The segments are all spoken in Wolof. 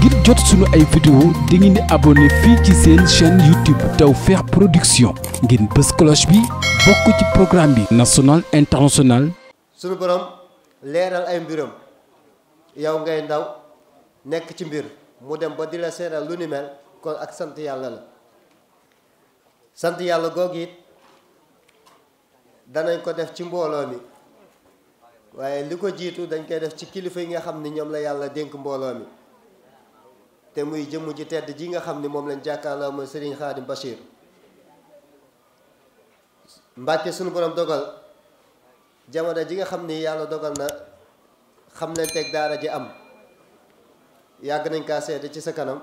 ngir jot sunu ay vidéo di ngeen di abonné fii ci seen chaîne YouTube Tawfekh Production ngeen bës cloche bi bokk ci programme bi national international sunu borom leeral ay mbiram yow ngay ndaw nekk ci mbir mu dem ba di la seeral lu ni mel kon ak sant yàlla la sant yàlla googu it danañ ko def ci mbooloo mi waaye li ko jiitu dañ koy def ci kilifa yi nga xam ni ñoom la yàlla dénk mbooloo mi te muy jëmm ji tedd ji nga xam ni moom lañ jàkkaarloo mooy Serigne Khadim Bachir Mbàkke suñu borom dogal jamono ji nga xam ni yàlla dogal na xam leen teg daara ji am yàgg nañ kaa seede ci sa kanam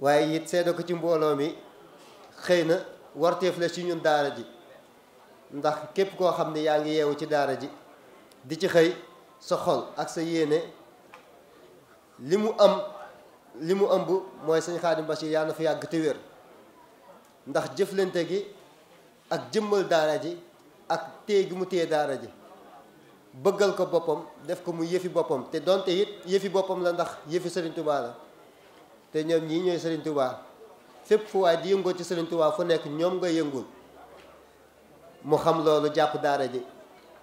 waaye it seede ko ci mbooloo mi xëy na warteef la ci ñun daara ji ndax képp koo xam ni yaa ngi yeewu ci daara ji di ci xëy sa xol ak sa yéene li mu am li mu ëmb mooy sëñ Xaadim Bachir si na fi yàgg te wér ndax jëflante gi ak jëmmal daara ji ak téye gi mu téye daara ji bëggal ko boppam def ko mu yëfi boppam te donte it yëfi boppam la ndax yëfi sëriñ Touba la te ñoom ñii ñooy sëriñ Touba fépp fu waay di yëngoo ci Serigne Touba fu nekk ñoom nga yëngul mu xam loolu jàpp daara ji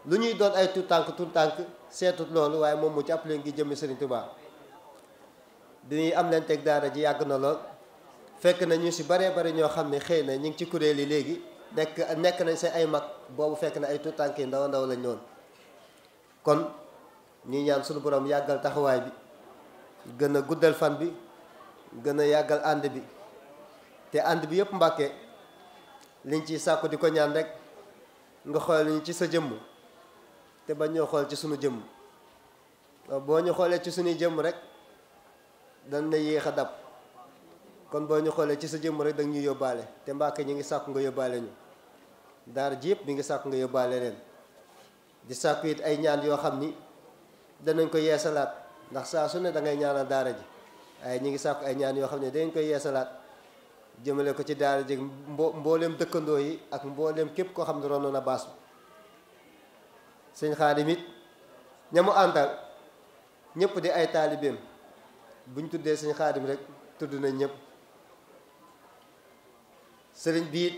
lu ñuy doon ay tu tànk tuut tànk seetut loolu waaye moom mu jàpp leen ngi jëmmi Serigne Touba. bi ñuy am leen teg daara ji yàgg na lool fekk na ñu si baree bari ñoo xam ne xëy na ñu ngi ci kuréel yi léegi nekk nekk nañ seen ay mag boobu fekk na ay tuut tànk yi ndaw ndaw lañ woon kon ñuy ñaan suñu borom yàggal taxawaay bi gën a guddal fan bi gën a yàggal ànd bi te ànd bi yëpp mbàkke liñ ci sàkku di ko ñaan rek nga xool ñu ci sa jëmm te ba ñoo xool ci sunu jëmm boo ñu xoolee ci suñuy jëmm rek dañ na yéex a dab kon boo ñu xoolee ci sa jëmm rek danga ñu yóbbaale te Mbàkke ñu ngi sàkk nga yóbbaale ñu daara ji yëpp mi ngi sàkku nga yóbbaale leen di sàkku it ay ñaan yoo xam ni danañ ko yeesalaat ndax saa su ne da ngay daara ji waaye ñu ngi sàkku ay ñaan yoo xam ne danañ koy yeesalaat jëmale ko ci daara ji mbo mbooleem dëkkandoo yi ak mbooleem képp koo xam ne ronoon na baas bi sëñ Xaadim it ña mu àndal ñëpp di ay taalibeem buñ tuddee sëñ xaadim rek tudd nañ ñëpp sëriñ bi it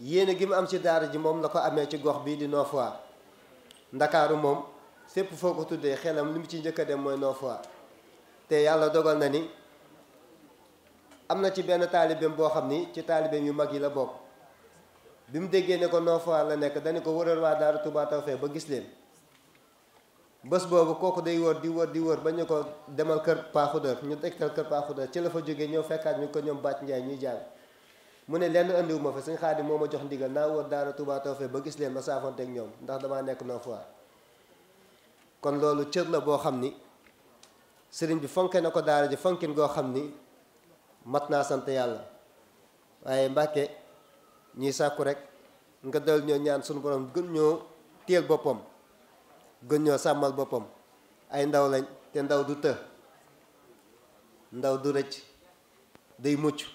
yéene gi mu am ci daara ji moom la ko amee ci gox bii di Nord ndakaaru moom sépp foo ko tuddee xelam li mu ci njëkk a dem mooy Nord te yàlla dogal na ni am na ci benn taalibeem boo xam ni ci taalibeem yu mag yi la bokk bi mu déggee ne ko Nord Foire la nekk dañu ko wëral waa daara Touba Tawfekh ba gis leen bés boobu kooku day woor di wër di wër ba ñu ko demal kër paaxudër ñu tegtal kër paaxudër ci la fa jógee ñëw fekkaat ñu ko ñoom bàcc njaay ñuy jàng mu ne lenn andiwuma fa suñ xaadim moo ma jox ndigal naa wër daara Touba Tawfekh ba gis leen ma saafoonteeg ñoom ndax damaa nekk noo foir kon loolu cër la boo xam ni sëriñ bi fonke na ko daara ji fonkin goo xam ni mat naa sant yàlla waaye mbàkke ñiy sàkku rek nga dal ñoo ñaan suñu borom gën ñoo téel boppam gën ñoo sàmmal boppam ay ndaw lañ te ndaw du të ndaw du rëcc day mucc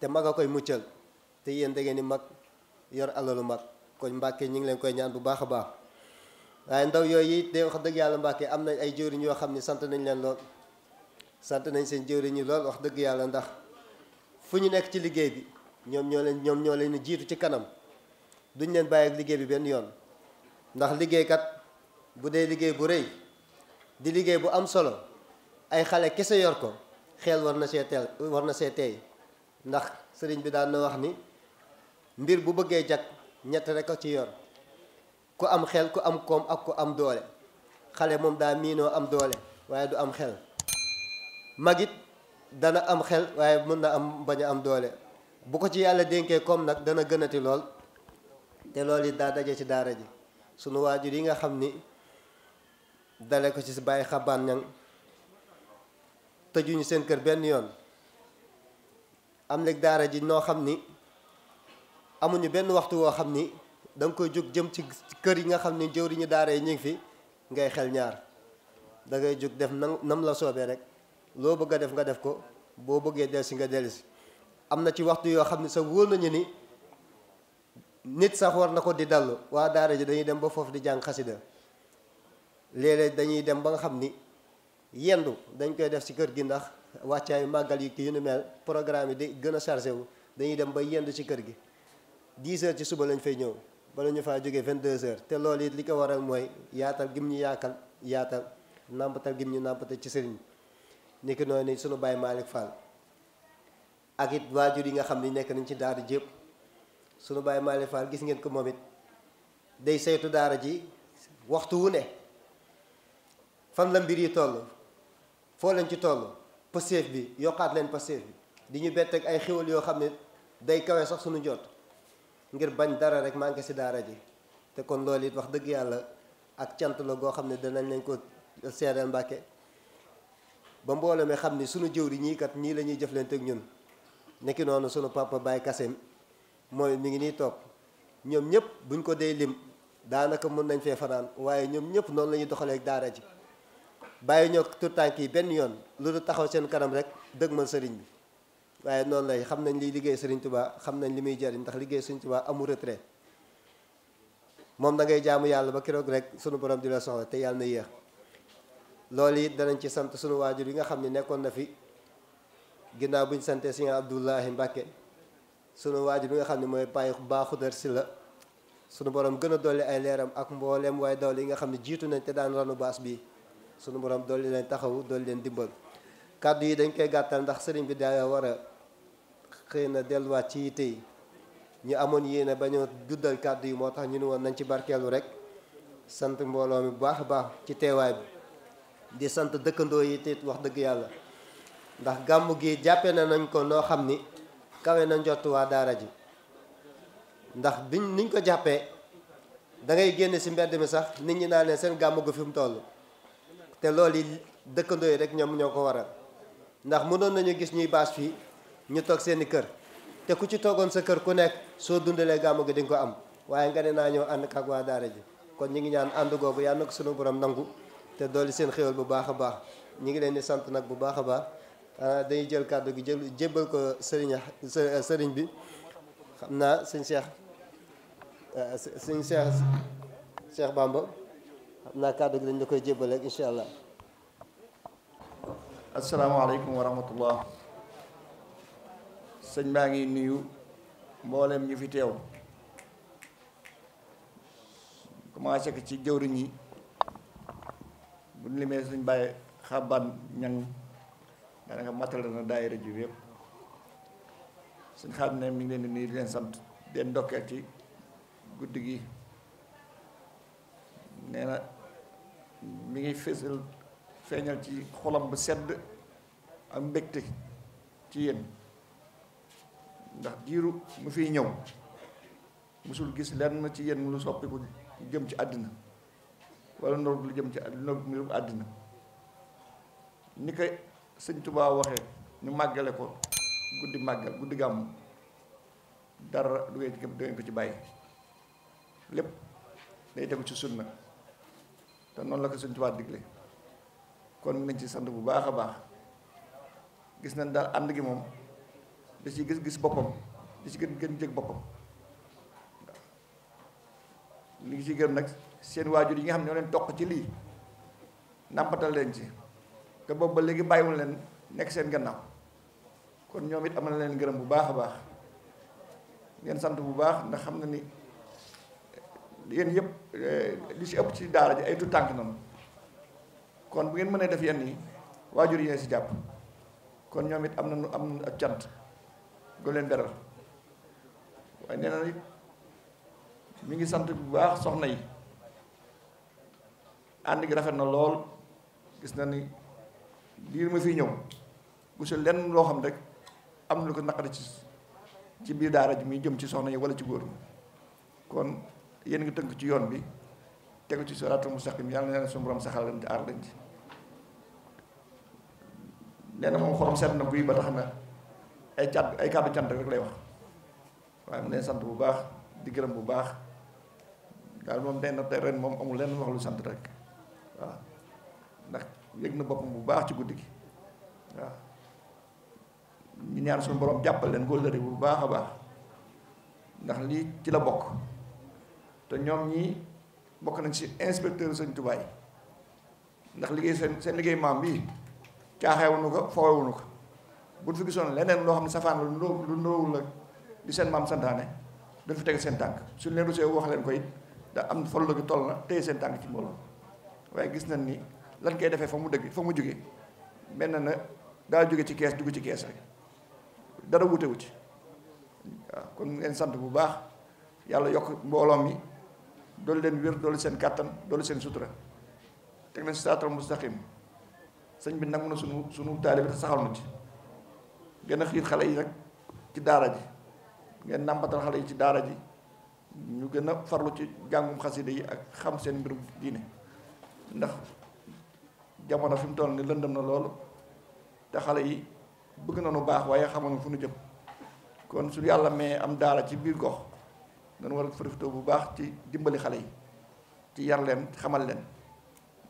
te mag a koy muccal te yéen da ngeen ni mag yor alalu mag kon Mbàkke ñi ngi leen koy ñaan bu baax a baax waaye ndaw yooyu it day wax dëgg yàlla Mbàkke am nañ ay jëwriñ yoo xam ne sant nañ leen lool sant nañ seen jëwriñ yi lool wax dëgg yàlla ndax fu ñu nekk ci liggéey bi ñoom ñoo leen ñoom ñoo leen jiitu ci kanam duñ leen bàyyi ak liggéey bi benn yoon ndax liggéeykat bu dee liggéey bu rëy di liggéey bu am solo ay xale kese yor ko xeel war na see teel war na see teey ndax sëriñ bi daan wax ni mbir bu bëggee jag ñett rek a ci yor ku am xel ku am koom ak ku am doole xale moom daa miinoo am doole waaye du am xel magit dana am xel waaye mën na am bañ a am doole bu ko ci yàlla dénkee koom nag dana gënati lool te loolu it daa daje ci daara ji sunu waajur yi nga xam ni dale ko ci si bàyyi xabaan ñang tëjuñu seen kër benn yoon am léegi daara ji noo xam ni amuñu benn waxtu woo xam ni da koy jóg jëm ci kër yi nga xam ni jëwriñu daara yi ñu ngi fi ngay xel ñaar dangay ngay jóg def na nam la soobee rek loo bëgg a def nga def ko boo bëggee si nga si am na ci waxtu yoo xam ne sa wóor nañu ni nit sax war na ko di dallu waa daara ji dañuy dem ba foofu di jàng xasida léeg dañuy dem ba nga xam ni yendu dañ koy def ci kër gi ndax wàccaayu màggal yi kii yu ni mel programme yi di gën a chargé wu dañuy dem ba yendu ci kër gi 10 heures ci suba lañ fay ñëw ba ñu faa jógee 22 heures te loolu it li ko war waral mooy yaatal gim ñu yaakal yaatal nàmpatal gim ñu nàmpatal ci sëriñ ni ki noonu ni sunu Baye Malick Fall ak it waajur yi nga xam ni nekk nañ ci daara jépp sunu Baye Malick Fall gis ngeen ko moom it day saytu daara ji waxtu wu ne fan la mbir yi toll foo leen ci toll pastéef bi yokkaat leen pastéef bi di ñu bett ak ay xéwal yoo xam ne day kawe sax suñu jot ngir bañ dara rek manqué si daara ji te kon loolu it wax dëgg yàlla ak cant la goo xam ne danañ leen ko seedeel mbàkke ba mbooloo mi xam ni sunu jëwri ñii kat ñii la ñuy jëflante ak ñun nekki noonu sunu papa Baye Kassem mooy mi ngi nii toog ñoom ñëpp buñ ko dee lim daanaka mën nañ fee fanaan waaye ñoom ñëpp noonu la ñuy doxalee ak daara ji bàyyi ñoo tur yi benn yoon lu taxaw seen kanam rek dëgmal sëriñ bi waaye noonu lay xam nañ liy liggéey sëriñ Tuubaa xam nañ li muy jariñ ndax liggéey sëriñ Tuubaa amul retrait moom da ngay jaamu yàlla ba kiroog rek sunu borom di la soxla te yàlla na yéex loolu it danañ ci sant sunu waajur yi nga xam ne nekkoon na fi ginnaaw buñ sante si nga Abdullahi Mbàkke sunu waajur bi nga xam ne mooy bàyyi baaxudar si la sunu borom gën a dolli ay leeram ak mbooleem waaye doole yi nga xam ne jiitu nañ te daan ranu baas bii sunu borom dolli leen taxawu dolli leen dimbal kàddu yi dañ koy gàttal ndax sëriñ bi daa war a xëy na delluwaat ci yitte yi ñu amoon yéene ba ñu guddal kàddu yi moo tax ñu ne woon nañ ci barkeelu rek sant mbooloo mi baax a baax ci teewaay bi di sant dëkkandoo yi te wax dëgg yàlla ndax gàmmu gi jàppe na nañ ko noo xam ni kawe na njott waa daara ji ndax biñ niñ ko jàppee dangay ngay génn si mbedd mi sax nit ñi naa leen seen gàmmu gu fi mu toll te loolu yi dëkkandoo yi rek ñoom ñoo ko waral ndax mënoon nañu gis ñuy baas fii ñu toog seeni kër te ku ci toogoon sa kër ku nekk soo dundalee gàmmu gi di ko am waaye nga ne naa ñëw ànd ak waa daara ji kon ñu ngi ñaan ànd googu yàlla na ko sunu borom nangu te dool yi seen xéwal bu baax a baax ñu ngi leen di sant nag bu baax a baax ah, dañuy jël kàddu gi jël jébbal ko sëriñ sëriñ bi xam naa sëñ Cheikh ah, sëñ Cheikh Cheikh Bamba xam naa kàddu gi lañ la koy jébbal rek incha allah. asalaamaaleykum wa rahmatullah sëñ baa ngi nuyu mboolem ñu fi teew commencé ko ci jëwriñ yi bu ñu limee suñ bàyyi xaban ñang daanaka matal na daayira ji yëpp suñ xam ne mi leen di nuyu di leen sant den ndokkeel guddi gi nee mi ngi fésal feeñal ci xolam bu sedd ak mbégte ci yéen ndax diiru mu fiy ñëw musul gis lenn ci yéen lu soppiku jëm ci àddina walla ndor lu jëm ci mbirum àddina ni ko sëñ Tuubaa waxee ñu màggale ko guddi màggal guddi gàmmu dara du ngeen ko ci bàyyi lépp day tegu ci sunna te noonu la ko Sëñ Tuubaa digle kon nañ ci sant bu baax a baax gis nañ daal ànd gi moom da ci gis-gis boppam da ci gën gën jëg boppam li ngi ci gërëm nag seen waajur yi nga xam ne ñoo leen toq ci lii nàmpatal leen ci te boobu ba léegi bàyyiwul leen nekk seen gannaaw kon ñoom it am na leen gërëm bu baax a baax ngeen sant bu baax ndax xam na ni yéen yëpp eh, li si ëpp ci daara ji ay tu tànk noonu kon bu ngeen mënee def yenn yi waajur yee si jàpp kon ñoom it am nañu am nañu ak cant go leen beral waaye nee na it ngi sant bu baax soxna yi ànd gi rafet na lool gis na ni lii ma fi ñëw bu si lenn loo xam rek am na lu ko naqari ci ci biir daara ji muy jëm ci soxna yi wala ci góor kon yéen ngi tënk ci yoon bi tegu ci siraatul mustaqim yàlla nee na yàlla borom saxal leen ci aar leen ci nee na moom xorom seet na buy ba tax na ay cat ay kàddu cant rek lay wax waaye mu ne sant bu baax di gërëm bu baax daal moom moom amul lenn wax sant rek waaw ndax na boppam bu baax ci guddi gi waaw ñu ñaan jàppal leen góorgóorlu bu baax a baax ndax lii ci la bokk. te ñoom ñii bokk nañ si inspecteur sëñ Tuubaa yi ndax liggéey seen seen liggéey maam bii caaxeewuñu ko foowewuñu ko bu ñu fi gisoon leneen loo xam ne safaan la lu ndóowul la di seen maam santaane dañ fi teg seen tànk suñ leen rusee wax leen ko am fol gi toll na téye seen tànk ci mbooloo waaye gis nañ ni lan koy defee fa mu dëgg fa mu jóge mel na daa jóge ci kees dugg ci kees rek dara wutewu ci kon ngeen sant bu baax yàlla yokk mbooloo mi doolu leen wér doolu seen kàttan doolu seen sutura teg na si siraatal mustaqim sëñ bi nangu na sunu sunu taalibe te saxal na ci gën a xiir xale yi nag ci daara ji ngeen nàmbatal xale yi ci daara ji ñu gën a farlu ci jàngum xasida yi ak xam seen mbirum diine ndax jamono fi mu toll ni lëndëm na loolu te xale yi bëgg na nu baax waaye xamuñu fu nu jëm kon su yàlla mee am daara ci biir gox ngeen war a profité bu baax ci dimbali xale yi ci yar leen xamal leen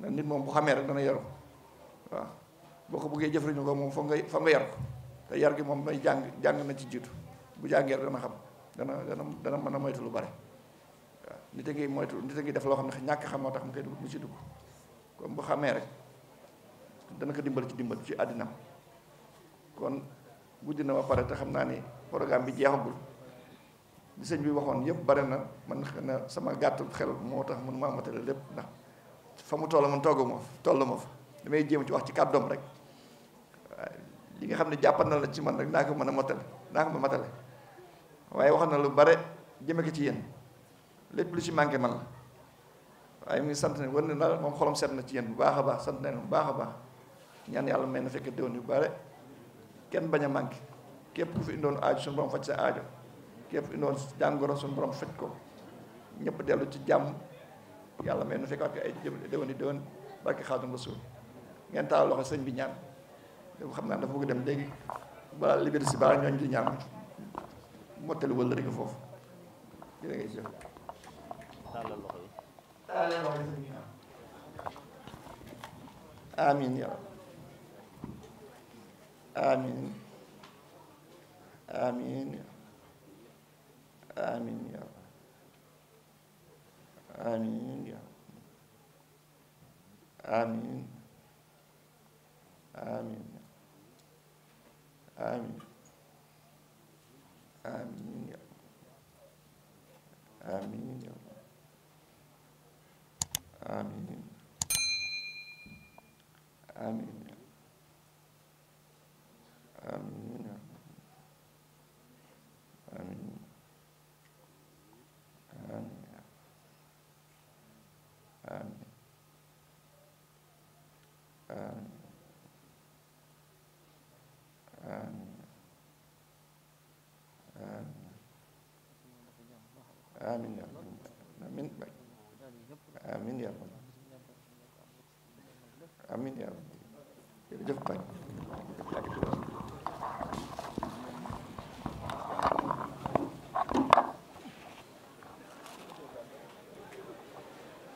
ndax nit moom bu xamee rek dana yaru waaw boo ko bëggee jëfandikoo ko moom fa nga fa nga yar ko te yar gi moom may jàng jàng na ci jiitu bu jàngee dana xam dana dana dana mën a moytu lu bare waaw nit a ngi moytu nit a ngi def loo xam ne ñàkk xam moo tax mu koy dugg mu si dugg kon bu xamee rek dana ko dimbali ci dimbal ci àddinam kon guddi na ba pare te xam naa ni programme bi jeexagul. li sëñ bi waxoon yëpp bare na man na sama gàtt xel moo tax mun maa matale lépp ndax fa mu toll man togg ma toll ma fa damay jéem ci wax ci kàddoom rek li nga xam ne jàppan na la ci man rek naa ko mën a matale naa ko mën a waaye wax na lu bare jëme ko ci yéen lépp lu ci manqué man la waaye mu ngi sant ne war na la moom xolam seet na ci yéen bu baax a baax sant nañu bu baax a baax ñaan yàlla may na fekk déwén yu bare kenn bañ a manqué képp ku fi indoon aajo suñu borom faj sa képp indoon jàngoro suñu borom faj ko ñëpp dellu ci jàmm yàlla may nu fekkaat ko ay déwén i déwén barke Xaadimu Rasuul ngeen taal loxo sëñ bi ñaan dafa dem léegi balaa libéri si balaa ñooñ di ñaan mottali wël rek foofu jërë ngay loxo yi tàllal loxo yi sëñ bi ñaan amiin yàlla amin ya amin ya amin amin amin amin ya amin Amin. Amin. Amin. Amin. Amin. Amin ya Rabbi. Amin ya Rabbi. Jërëjëf